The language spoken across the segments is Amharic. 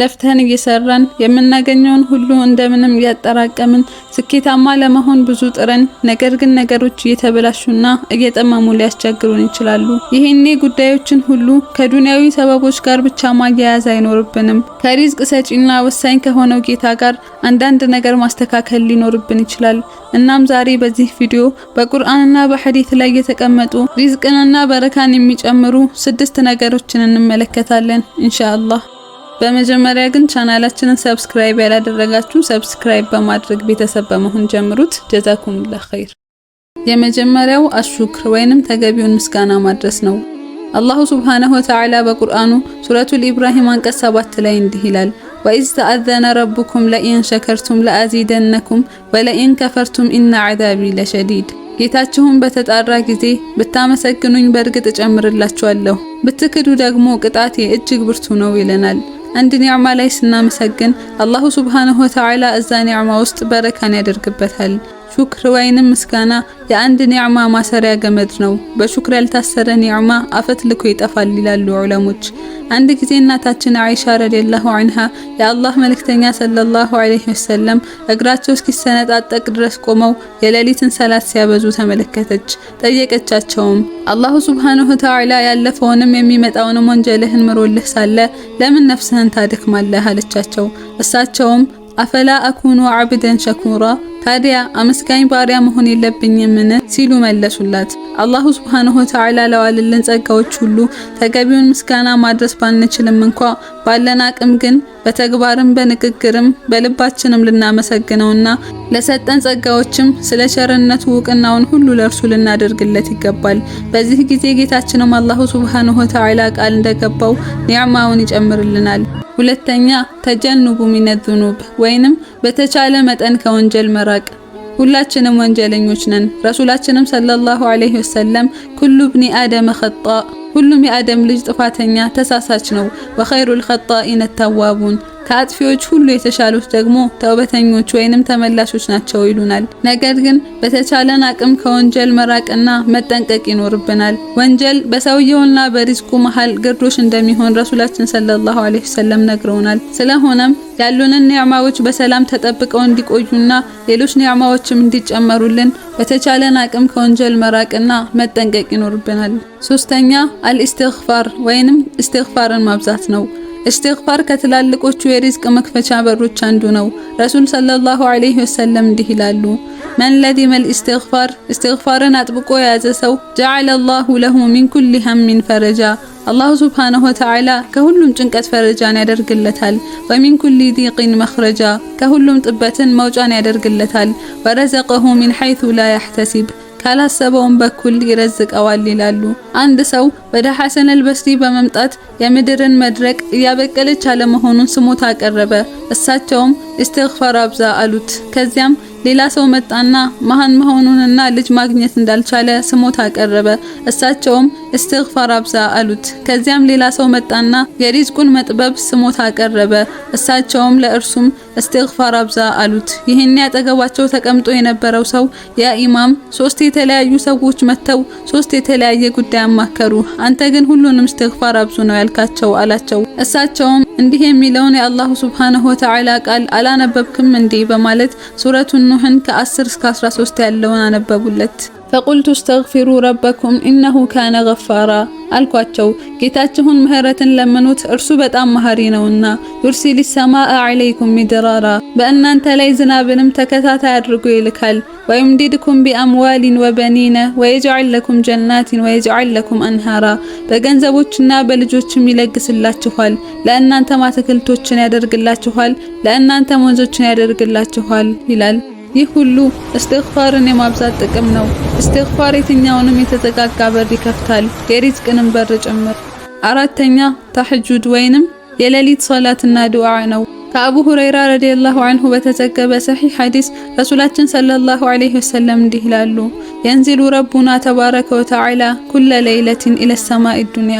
ለፍተን እየሰራን የምናገኘውን ሁሉ እንደምንም እያጠራቀምን ስኬታማ ለመሆን ብዙ ጥረን፣ ነገር ግን ነገሮች እየተበላሹና እየጠመሙ ሊያስቸግሩን ይችላሉ። ይህኔ ጉዳዮችን ሁሉ ከዱንያዊ ሰበቦች ጋር ብቻ ማያያዝ አይኖርብንም። ከሪዝቅ ሰጪና ወሳኝ ከሆነው ጌታ ጋር አንዳንድ ነገር ማስተካከል ሊኖርብን ይችላል። እናም ዛሬ በዚህ ቪዲዮ በቁርአንና በሐዲት ላይ የተቀመጡ ሪዝቅንና በረካን የሚጨምሩ ስድስት ነገሮችን እንመለከታለን ኢንሻአላህ። በመጀመሪያ ግን ቻናላችንን ሰብስክራይብ ያላደረጋችሁ ሰብስክራይብ በማድረግ ቤተሰብ በመሆን ጀምሩት። ጀዛኩሙላህ ኸይር። የመጀመሪያው አሹክር ወይንም ተገቢውን ምስጋና ማድረስ ነው። አላሁ ሱብሓነሁ ወተዓላ በቁርአኑ ሱረቱል ኢብራሂም አንቀጽ 7 ላይ እንዲህ ይላል ወኢዝ ተአዘነ ረቡኩም ለኢን ሸከርቱም ለአዚደነኩም ወለኢን ከፈርቱም ኢነ ዐዛቢ ለሸዲድ ጌታችሁን በተጣራ ጊዜ ብታመሰግኑኝ በእርግጥ እጨምርላችኋለሁ፣ ብትክዱ ደግሞ ቅጣቴ እጅግ ብርቱ ነው ይለናል። አንድ ኒዕማ ላይ ስናመሰግን አላሁ ሱብሃነሁ ወተዓላ እዛ ኒዕማ ውስጥ በረካን ያደርግበታል። ሹክር ወይንም ምስጋና የአንድ ኒዕማ ማሰሪያ ገመድ ነው። በሹክር ያልታሰረ ኒዕማ አፈትልኮ ይጠፋል ይላሉ ዑለሞች። አንድ ጊዜ እናታችን አይሻ ረዲየላሁ ዐንሃ የአላህ መልእክተኛ ሰለላሁ ዐለይሂ ወሰለም እግራቸው እስኪሰነጣጠቅ ድረስ ቆመው የሌሊትን ሰላት ሲያበዙ ተመለከተች። ጠየቀቻቸውም አላሁ ሱብሓነሁ ወተዓላ ያለፈውንም የሚመጣውንም ወንጀልህን ምሮልህ ሳለ ለምን ነፍስህን ታደክማለህ አለቻቸው። እሳቸውም አፈላ አኩኑ አብደን ሸኩራ ታዲያ አመስጋኝ ባሪያ መሆን የለብኝምን ሲሉ መለሱላት። አላሁ ሱብሓነሁ ወተዓላ ለዋልልን ጸጋዎች ሁሉ ተገቢውን ምስጋና ማድረስ ባንችልም እንኳ ባለን አቅም ግን በተግባርም በንግግርም በልባችንም ልናመሰግነውና ለሰጠን ጸጋዎችም ስለ ቸርነቱ እውቅናውን ሁሉ ለእርሱ ልናደርግለት ይገባል። በዚህ ጊዜ ጌታችንም አላሁ ሱብሓነሁ ወተዓላ ቃል እንደገባው ኒዕማውን ይጨምርልናል። ሁለተኛ ተጀንቡ ሚነ ዙኑብ ወይንም በተቻለ መጠን ከወንጀል መራቅ። ሁላችንም ወንጀለኞች ነን። ረሱላችንም ሰለላሁ ዐለይሂ ወሰለም ኩሉ ብኒ አደመ ኸጣ፣ ሁሉም የአደም ልጅ ጥፋተኛ ተሳሳች ነው። ወኸይሩል ኸጣኢነ ተዋቡን ከአጥፊዎች ሁሉ የተሻሉት ደግሞ ተውበተኞች ወይንም ተመላሾች ናቸው ይሉናል። ነገር ግን በተቻለን አቅም ከወንጀል መራቅና መጠንቀቅ ይኖርብናል። ወንጀል በሰውየውና በሪዝቁ መሃል ግርዶሽ እንደሚሆን ረሱላችን ሰለላሁ ዐለይሂ ወሰለም ነግረውናል። ስለሆነም ያሉንን ኒዕማዎች በሰላም ተጠብቀው እንዲቆዩና ሌሎች ኒዕማዎችም እንዲጨመሩልን በተቻለን አቅም ከወንጀል መራቅና መጠንቀቅ ይኖርብናል። ሶስተኛ አልኢስቲግፋር ወይንም ኢስቲግፋርን ማብዛት ነው። እስትግፋር ከትላልቆቹ የሪዝቅ መክፈቻ በሮች አንዱ ነው። ረሱል ሰለላሁ ዐለይሂ ወሰለም እንዲህ ይላሉ፣ መን ለዚመል እስትግፋር፣ እስትግፋርን አጥብቆ የያዘ ሰው ጀዐለ ላሁ ለሁ ሚን ኩሊ ሀሚን ፈረጃ፣ አላሁ ሱብሓነሁ ወተዓላ ከሁሉም ጭንቀት ፈረጃን ያደርግለታል። ወሚን ኩሊ ዲቅን መኽረጃ፣ ከሁሉም ጥበትን መውጫን ያደርግለታል። ወረዘቀሁ ሚን ሐይቱ ላ ያሕተሲብ ካላሰበውን በኩል ይረዝቀዋል ይላሉ። አንድ ሰው ወደ ሐሰን አልበስሪ በመምጣት የምድርን መድረቅ እያበቀለች አለመሆኑን ስሞታ አቀረበ። እሳቸውም ኢስቲግፋር አብዛ አሉት። ከዚያም ሌላ ሰው መጣና መሃን መሆኑንና ልጅ ማግኘት እንዳልቻለ ስሞታ አቀረበ። እሳቸውም እስትግፋር አብዛ አሉት። ከዚያም ሌላ ሰው መጣና የሪዝቁን መጥበብ ስሞታ አቀረበ። እሳቸውም ለእርሱም እስትግፋር አብዛ አሉት። ይህን ያጠገባቸው ተቀምጦ የነበረው ሰው ያ ኢማም፣ ሶስት የተለያዩ ሰዎች መጥተው ሶስት የተለያየ ጉዳይ አማከሩ፣ አንተ ግን ሁሉንም እስትግፋር አብዙ ነው ያልካቸው አላቸው። እሳቸውም እንዲህ የሚለውን የአላሁ ሱብሓነሁ ወተዓላ ቃል አላነበብክም እንዴ? በማለት ሱረቱን ኑህን ከ10 እስከ 13 ያለውን አነበቡለት። ፈቁልቱ እስተግፊሩ ረበኩም ኢነሁ ካነ ገፋራ አልኳቸው። ጌታችሁን ምህረትን ለምኑት እርሱ በጣም መሐሪ ነውና። ዩርሲሊ ሰማአ ዐለይኩም ሚድራራ በእናንተ ላይ ዝናብንም ተከታታይ አድርጎ ይልካል። ወይምዲድኩም ቢአምዋሊን ወበኒነ ወየጅዐል ለኩም ጀናቲን ወየጅዐል ለኩም አንሃራ በገንዘቦችና በልጆችም ይለግስላችኋል። ለእናንተም አትክልቶችን ያደርግላችኋል። ለእናንተም ወንዞችን ያደርግላችኋል ይላል። ይህ ሁሉ እስትግፋርን የማብዛት ጥቅም ነው። እስትግፋር የትኛውንም የተዘጋጋ በር ይከፍታል፣ የሪዝቅንም በር ጭምር። አራተኛ ተሐጁድ ወይንም የሌሊት ሶላትና ዱዓ ነው። ከአቡ ሁረይራ ረዲየላሁ አንሁ በተዘገበ ሰሒህ ሐዲስ ረሱላችን ሰለላሁ ዐለይሂ ወሰለም እንዲህ ይላሉ፣ የንዚሉ ረቡና ተባረከ ወተዓላ ኩለ ሌይለትን ኢለ ሰማኢ ዱንያ።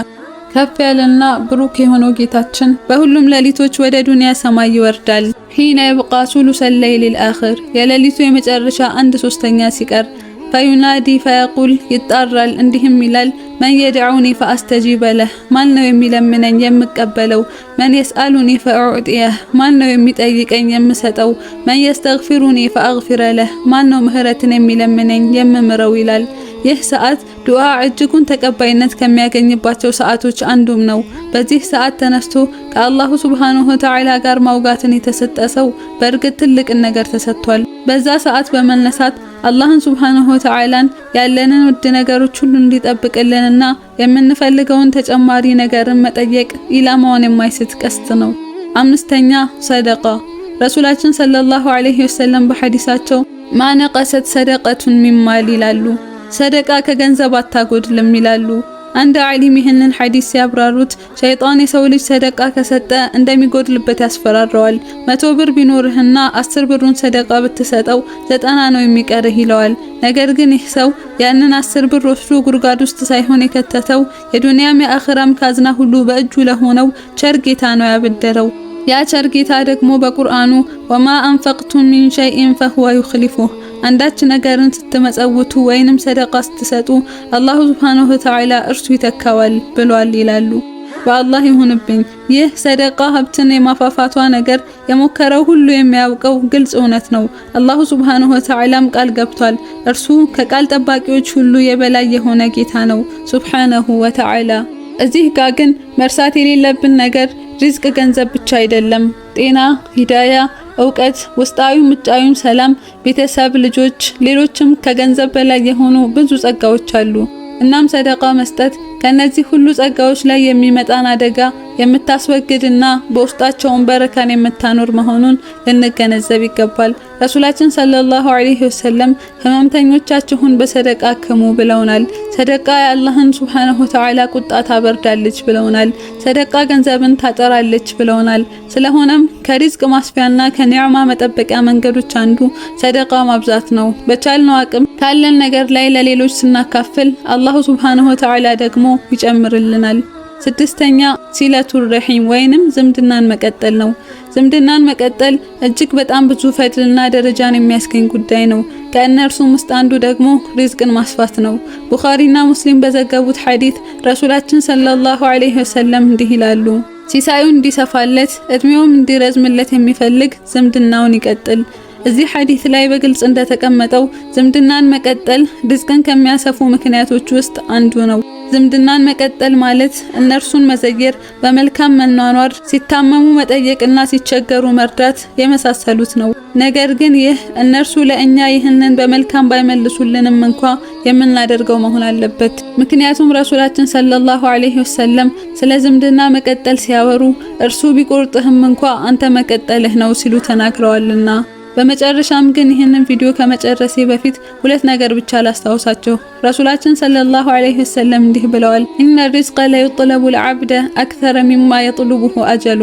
ከፍ ያለና ብሩክ የሆነው ጌታችን በሁሉም ሌሊቶች ወደ ዱንያ ሰማይ ይወርዳል። ሂነ የብቃ ሱሉሰ ለይል ልአኽር የሌሊቱ የመጨረሻ አንድ ሶስተኛ ሲቀር ፈዩናዲ ፈየቁል ይጣራል፣ እንዲህም ይላል መን የድዑኒ ፈአስተጂበ ለህ ማን ነው የሚለምነኝ የምቀበለው? መን የስአሉኒ ፈኡዕጥየህ ማን ነው የሚጠይቀኝ የምሰጠው? መን የስተግፊሩኒ ፈአግፊረ ለህ ማን ነው ምህረትን የሚለምነኝ የምምረው? ይላል ይህ ሰዓት ዱዓ እጅጉን ተቀባይነት ከሚያገኝባቸው ሰዓቶች አንዱም ነው። በዚህ ሰዓት ተነስቶ ከአላሁ ሱብሃነሁ ወተዓላ ጋር ማውጋትን የተሰጠ ሰው በእርግጥ ትልቅን ነገር ተሰጥቷል። በዛ ሰዓት በመነሳት አላህን ሱብሃነሁ ወተዓላን ያለንን ውድ ነገሮች ሁሉ እንዲጠብቅልንና የምንፈልገውን ተጨማሪ ነገርን መጠየቅ ኢላማውን የማይስት ቀስት ነው። አምስተኛ ሰደቃ። ረሱላችን ሰለላሁ ዐለይሂ ወሰለም በሐዲሳቸው ማነቀሰት ሰደቀቱን ሚማል ይላሉ ሰደቃ ከገንዘብ አታጎድልም ይላሉ። አንድ ዓሊም ይህንን ሐዲስ ሲያብራሩት ሸይጣን የሰው ልጅ ሰደቃ ከሰጠ እንደሚጎድልበት ያስፈራረዋል። መቶ ብር ቢኖርህና አስር ብሩን ሰደቃ ብትሰጠው ዘጠና ነው የሚቀርህ ይለዋል። ነገር ግን ይህ ሰው ያንን አስር ብር ወስዶ ጉድጓድ ውስጥ ሳይሆን የከተተው የዱንያም የአኽራም ካዝና ሁሉ በእጁ ለሆነው ቸር ጌታ ነው ያበደረው። ያ ቸር ጌታ ደግሞ በቁርአኑ ወማ አንፈቅቱም ሚን ሸይኢን ፈሁወ ዩኽሊፉህ አንዳች ነገርን ስትመጸውቱ ወይንም ሰደቃ ስትሰጡ አላሁ ሱብሓነሁ ወተዓላ እርሱ ይተካዋል ብሏል ይላሉ። በአላህ ይሁንብኝ ይህ ሰደቃ ሀብትን የማፋፋቷ ነገር የሞከረው ሁሉ የሚያውቀው ግልጽ እውነት ነው። አላሁ ሱብሓነሁ ወተዓላም ቃል ገብቷል። እርሱ ከቃል ጠባቂዎች ሁሉ የበላይ የሆነ ጌታ ነው ሱብሓነሁ ወተዓላ። እዚህ ጋ ግን መርሳት የሌለብን ነገር ሪዝቅ ገንዘብ ብቻ አይደለም። ጤና፣ ሂዳያ፣ እውቀት፣ ውስጣዊ ውጫዊም ሰላም፣ ቤተሰብ፣ ልጆች፣ ሌሎችም ከገንዘብ በላይ የሆኑ ብዙ ጸጋዎች አሉ። እናም ሰደቃ መስጠት ከእነዚህ ሁሉ ጸጋዎች ላይ የሚመጣን አደጋ የምታስወግድና በውስጣቸውን በረካን የምታኖር መሆኑን ልንገነዘብ ይገባል። ረሱላችን ሰለላሁ ዐለይሂ ወሰለም ህመምተኞቻችሁን በሰደቃ ክሙ ብለውናል። ሰደቃ የአላህን ሱብሓነሁ ወተዓላ ቁጣ ታበርዳለች ብለውናል። ሰደቃ ገንዘብን ታጠራለች ብለውናል። ስለሆነም ከሪዝቅ ማስፊያና ከኒዕማ መጠበቂያ መንገዶች አንዱ ሰደቃ ማብዛት ነው። በቻልነው አቅም ካለን ነገር ላይ ለሌሎች ስናካፍል አላሁ ሱብሓነሁ ወተዓላ ደግሞ ደግሞ ይጨምርልናል። ስድስተኛ ሲለቱር ረሂም ወይንም ዝምድናን መቀጠል ነው። ዝምድናን መቀጠል እጅግ በጣም ብዙ ፈድልና ደረጃን የሚያስገኝ ጉዳይ ነው። ከእነርሱም ውስጥ አንዱ ደግሞ ሪዝቅን ማስፋት ነው። ቡኻሪና ሙስሊም በዘገቡት ሐዲት ረሱላችን ሰለላሁ ዐለይሂ ወሰለም እንዲህ ይላሉ፣ ሲሳዩ እንዲሰፋለት እድሜውም እንዲረዝምለት የሚፈልግ ዝምድናውን ይቀጥል። እዚህ ሐዲስ ላይ በግልጽ እንደተቀመጠው ዝምድናን መቀጠል ርዝቅን ከሚያሰፉ ምክንያቶች ውስጥ አንዱ ነው። ዝምድናን መቀጠል ማለት እነርሱን መዘየር፣ በመልካም መኗኗር፣ ሲታመሙ መጠየቅና ሲቸገሩ መርዳት የመሳሰሉት ነው። ነገር ግን ይህ እነርሱ ለእኛ ይህንን በመልካም ባይመልሱልንም እንኳ የምናደርገው መሆን አለበት። ምክንያቱም ረሱላችን ሰለላሁ ዐለይሂ ወሰለም ስለ ዝምድና መቀጠል ሲያወሩ እርሱ ቢቆርጥህም እንኳ አንተ መቀጠልህ ነው ሲሉ ተናግረዋልና። በመጨረሻም ግን ይህንን ቪዲዮ ከመጨረሴ በፊት ሁለት ነገር ብቻ ላስታውሳቸው። ረሱላችን ሰለላሁ ዐለይሂ ወሰለም እንዲህ ብለዋል፣ ኢነ ሪዝቀ ለዩጥለቡ ልዓብደ አክተረ ሚማ የጥሉቡሁ አጀሉ።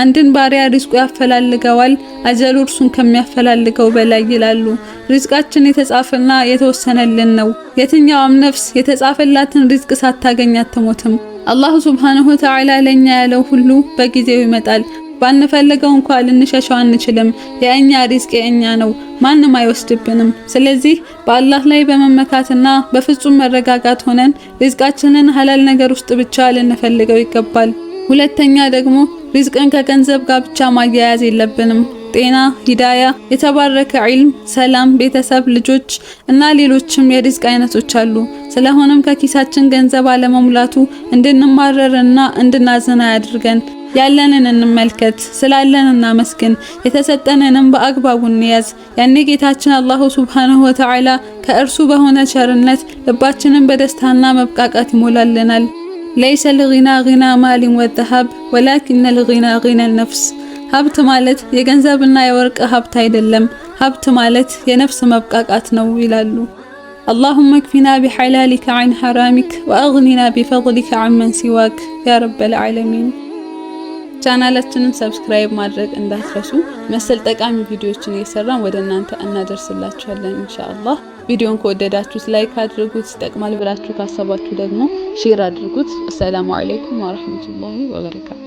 አንድን ባሪያ ሪዝቁ ያፈላልገዋል አጀሉ እርሱን ከሚያፈላልገው በላይ ይላሉ። ሪዝቃችን የተጻፈና የተወሰነልን ነው። የትኛውም ነፍስ የተጻፈላትን ሪዝቅ ሳታገኝ አትሞትም። አላሁ ሱብሓነሁ ወተዓላ ለኛ ያለው ሁሉ በጊዜው ይመጣል። ባንፈልገው እንኳ ልንሸሸው አንችልም። የእኛ ሪዝቅ የእኛ ነው፣ ማንም አይወስድብንም። ስለዚህ በአላህ ላይ በመመካትና በፍጹም መረጋጋት ሆነን ሪዝቃችንን ሀላል ነገር ውስጥ ብቻ ልንፈልገው ይገባል። ሁለተኛ ደግሞ ሪዝቅን ከገንዘብ ጋር ብቻ ማያያዝ የለብንም። ጤና፣ ሂዳያ፣ የተባረከ ዒልም፣ ሰላም፣ ቤተሰብ፣ ልጆች እና ሌሎችም የሪዝቅ አይነቶች አሉ። ስለሆነም ከኪሳችን ገንዘብ አለመሙላቱ እንድንማረርና እንድናዝን አያድርገን። ያለንን እንመልከት፣ ስላለን እናመስግን፣ የተሰጠንንም በአግባቡ እንያዝ። ያኔ ጌታችን አላሁ ሱብሓነሁ ወተዓላ ከእርሱ በሆነ ቸርነት ልባችንን በደስታና መብቃቃት ይሞላልናል። ለይሰ ልጊና ጊና ማሊን ወዘሀብ ወላኪነ ልጊና ጊና ነፍስ። ሀብት ማለት የገንዘብና የወርቅ ሀብት አይደለም። ሀብት ማለት የነፍስ መብቃቃት ነው ይላሉ። አላሁመ ክፊና ቢሐላሊከ ዐን ሐራሚክ ወአግኒና ቢፈድሊከ ዐመን ሲዋክ ያ ረበል ዓለሚን። ቻናላችንን ሰብስክራይብ ማድረግ እንዳትረሱ። መሰል ጠቃሚ ቪዲዮዎችን እየሰራን ወደ እናንተ እናደርስላችኋለን ኢንሻአላህ። ቪዲዮን ከወደዳችሁት ላይክ አድርጉት፣ ይጠቅማል ብላችሁ ካሰባችሁ ደግሞ ሼር አድርጉት። አሰላሙ አለይኩም ወራህመቱላሂ ወበረካቱ